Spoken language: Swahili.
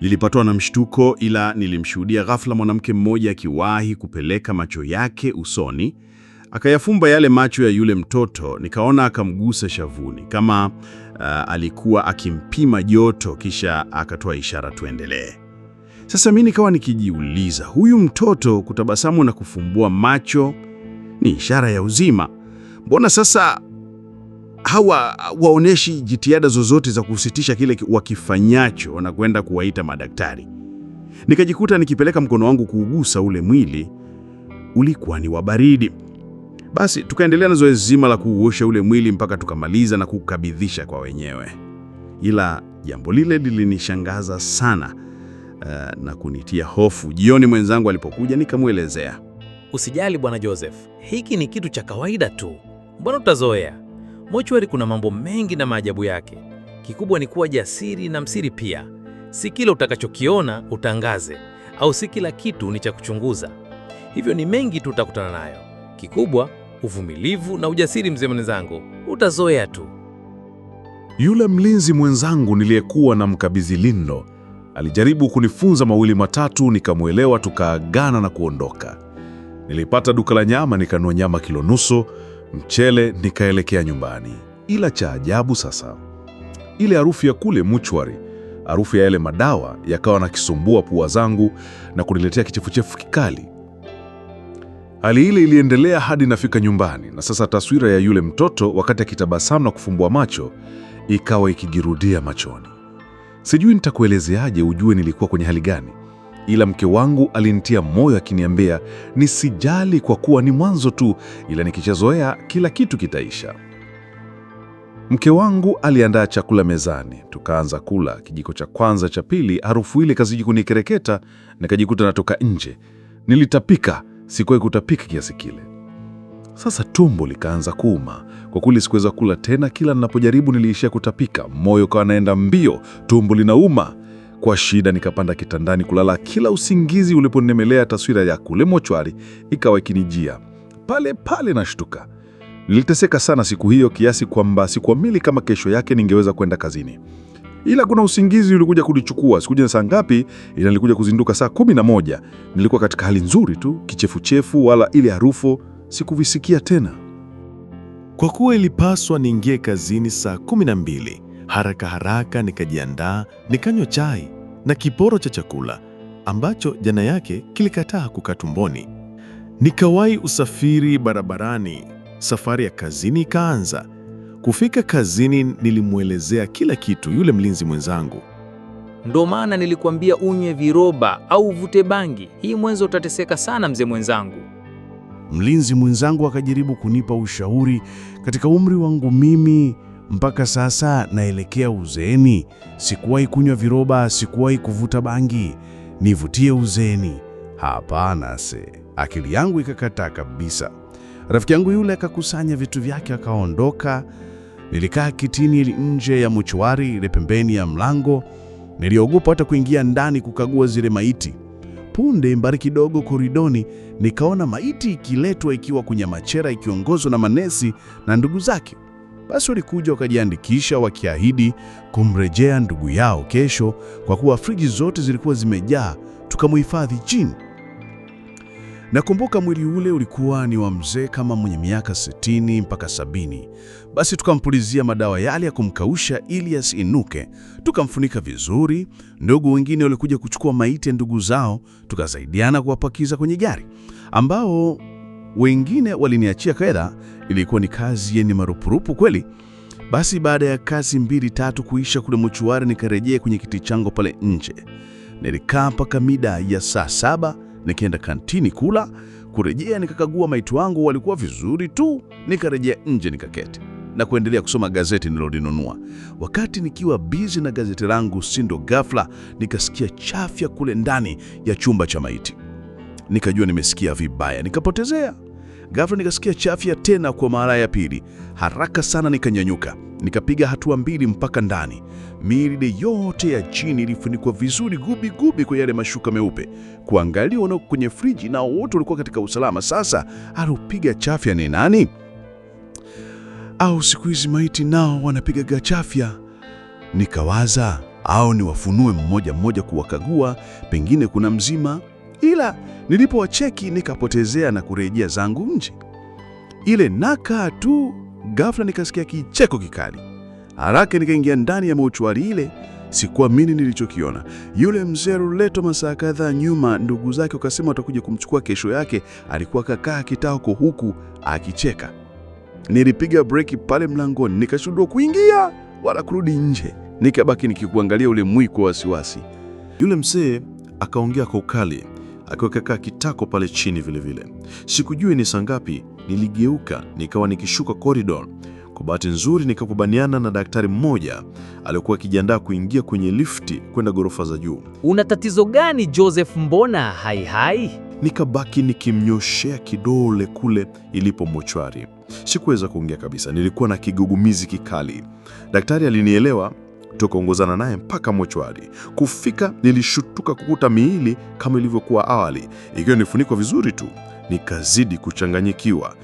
Nilipatwa na mshtuko, ila nilimshuhudia ghafla mwanamke mmoja akiwahi kupeleka macho yake usoni, akayafumba yale macho ya yule mtoto. Nikaona akamgusa shavuni kama uh, alikuwa akimpima joto, kisha akatoa ishara tuendelee. Sasa mi nikawa nikijiuliza, huyu mtoto kutabasamu na kufumbua macho ni ishara ya uzima, mbona sasa hawa waoneshi jitihada zozote za kusitisha kile wakifanyacho na kwenda kuwaita madaktari. Nikajikuta nikipeleka mkono wangu kuugusa ule mwili, ulikuwa ni wa baridi. Basi tukaendelea na zoezi zima la kuuosha ule mwili mpaka tukamaliza na kukabidhisha kwa wenyewe, ila jambo lile lilinishangaza sana uh, na kunitia hofu. Jioni mwenzangu alipokuja, nikamwelezea. Usijali bwana Joseph, hiki ni kitu cha kawaida tu, mbona utazoea Mochwari kuna mambo mengi na maajabu yake. Kikubwa ni kuwa jasiri na msiri pia. Si kila utakachokiona utangaze, au si kila kitu ni cha kuchunguza. Hivyo ni mengi tu utakutana nayo. Kikubwa uvumilivu na ujasiri, mzee mwenzangu, utazoea tu. Yule mlinzi mwenzangu niliyekuwa na mkabidhi lindo alijaribu kunifunza mawili matatu, nikamwelewa, tukaagana na kuondoka. Nilipata duka la nyama, nikanua nyama kilo nusu mchele, nikaelekea nyumbani. Ila cha ajabu sasa, ile harufu ya kule muchwari, harufu ya yale madawa yakawa nakisumbua pua zangu na kuniletea kichefuchefu kikali. Hali ile iliendelea hadi nafika nyumbani, na sasa taswira ya yule mtoto wakati akitabasamu na kufumbua macho ikawa ikijirudia machoni. Sijui nitakuelezeaje ujue nilikuwa kwenye hali gani ila mke wangu alinitia moyo akiniambia nisijali kwa kuwa ni mwanzo tu, ila nikichezoea kila kitu kitaisha. Mke wangu aliandaa chakula mezani, tukaanza kula. Kijiko cha kwanza, cha pili, harufu ile kaziji kunikereketa, nikajikuta natoka nje. Nilitapika, sikuwahi kutapika kiasi kile. Sasa tumbo likaanza kuuma kwa kweli, sikuweza kula tena. Kila ninapojaribu niliishia kutapika, moyo kawa naenda mbio, tumbo linauma. Haikuwa shida, nikapanda kitandani kulala. Kila usingizi uliponemelea, taswira ya kule mochwari ikawa ikinijia pale pale. Nashtuka, niliteseka sana siku hiyo kiasi kwamba sikuamini kama kesho yake ningeweza kwenda kazini, ila kuna usingizi ulikuja kulichukua. Sikuja saa ngapi, ila nilikuja kuzinduka saa kumi na moja. Nilikuwa katika hali nzuri tu, kichefuchefu wala ile harufu sikuvisikia tena. Kwa kuwa ilipaswa niingie kazini saa kumi na mbili, haraka haraka nikajiandaa, nikanywa chai na kiporo cha chakula ambacho jana yake kilikataa kukaa tumboni. Nikawahi usafiri barabarani, safari ya kazini ikaanza. Kufika kazini, nilimwelezea kila kitu yule mlinzi mwenzangu. Ndo maana nilikuambia unywe viroba au uvute bangi, hii mwenzo utateseka sana mzee mwenzangu. Mlinzi mwenzangu akajaribu kunipa ushauri. Katika umri wangu mimi mpaka sasa naelekea uzeeni. Sikuwahi kunywa viroba, sikuwahi kuvuta bangi, nivutie uzeeni? Hapana se, akili yangu ikakataa kabisa. Rafiki yangu yule akakusanya vitu vyake akaondoka. Nilikaa kitini ili nje ya mochuari ile pembeni ya mlango, niliogopa hata kuingia ndani kukagua zile maiti. Punde mbali kidogo koridoni, nikaona maiti ikiletwa ikiwa kwenye machera ikiongozwa na manesi na ndugu zake. Basi walikuja wakajiandikisha, wakiahidi kumrejea ndugu yao kesho, kwa kuwa friji zote zilikuwa zimejaa, tukamuhifadhi chini. Nakumbuka mwili ule ulikuwa ni wa mzee kama mwenye miaka sitini mpaka sabini. Basi tukampulizia madawa yale ya kumkausha ili asiinuke, tukamfunika vizuri. Ndugu wengine walikuja kuchukua maiti ya ndugu zao, tukasaidiana kuwapakiza kwenye gari ambao wengine waliniachia fedha, ilikuwa ni kazi yenye marupurupu kweli. Basi baada ya kazi mbili tatu kuisha kule mochuari, nikarejea kwenye kiti changu pale nje. Nilikaa mpaka mida ya saa saba nikienda kantini kula. Kurejea nikakagua maiti wangu walikuwa vizuri tu, nikarejea nje nikaketi na kuendelea kusoma gazeti nilolinunua. Wakati nikiwa bizi na gazeti langu, sindo ghafla nikasikia chafya kule ndani ya chumba cha maiti, nikajua nimesikia vibaya, nikapotezea Ghafla nikasikia chafya tena kwa mara ya pili. Haraka sana nikanyanyuka, nikapiga hatua mbili mpaka ndani. Miili yote ya chini ilifunikwa vizuri gubi gubi kwa yale mashuka meupe. Kuangalia wanao kwenye friji, nao wote walikuwa katika usalama. Sasa alipiga chafya ni nani? Au siku hizi maiti nao wanapigaga chafya? Nikawaza, au niwafunue mmoja mmoja kuwakagua, pengine kuna mzima ila nilipowacheki nikapotezea na kurejea zangu nje. Ile nakaa tu, ghafla nikasikia kicheko kikali. Haraka nikaingia ndani ya mochwari ile. Sikuamini nilichokiona. Yule mzee Ruleto, masaa kadhaa nyuma, ndugu zake wakasema watakuja kumchukua kesho yake, alikuwa kakaa kitako huku akicheka. Nilipiga breki pale mlangoni, nikashindwa kuingia wala kurudi nje, nikabaki nikikuangalia ule mwi kwa wasiwasi. Yule mzee akaongea kwa ukali, akiweka kitako pale chini vilevile. Sikujui ni saa ngapi, niligeuka nikawa nikishuka koridor. Kwa bahati nzuri nikakubaniana na daktari mmoja aliyokuwa akijiandaa kuingia kwenye lifti kwenda ghorofa za juu. Una tatizo gani Joseph, mbona haihai? Nikabaki nikimnyoshea kidole kule ilipo mochwari. Sikuweza kuongea kabisa, nilikuwa na kigugumizi kikali. Daktari alinielewa tukaongozana naye mpaka mochwari. Kufika nilishutuka kukuta miili kama ilivyokuwa awali, ikiwa nifunikwa vizuri tu. Nikazidi kuchanganyikiwa.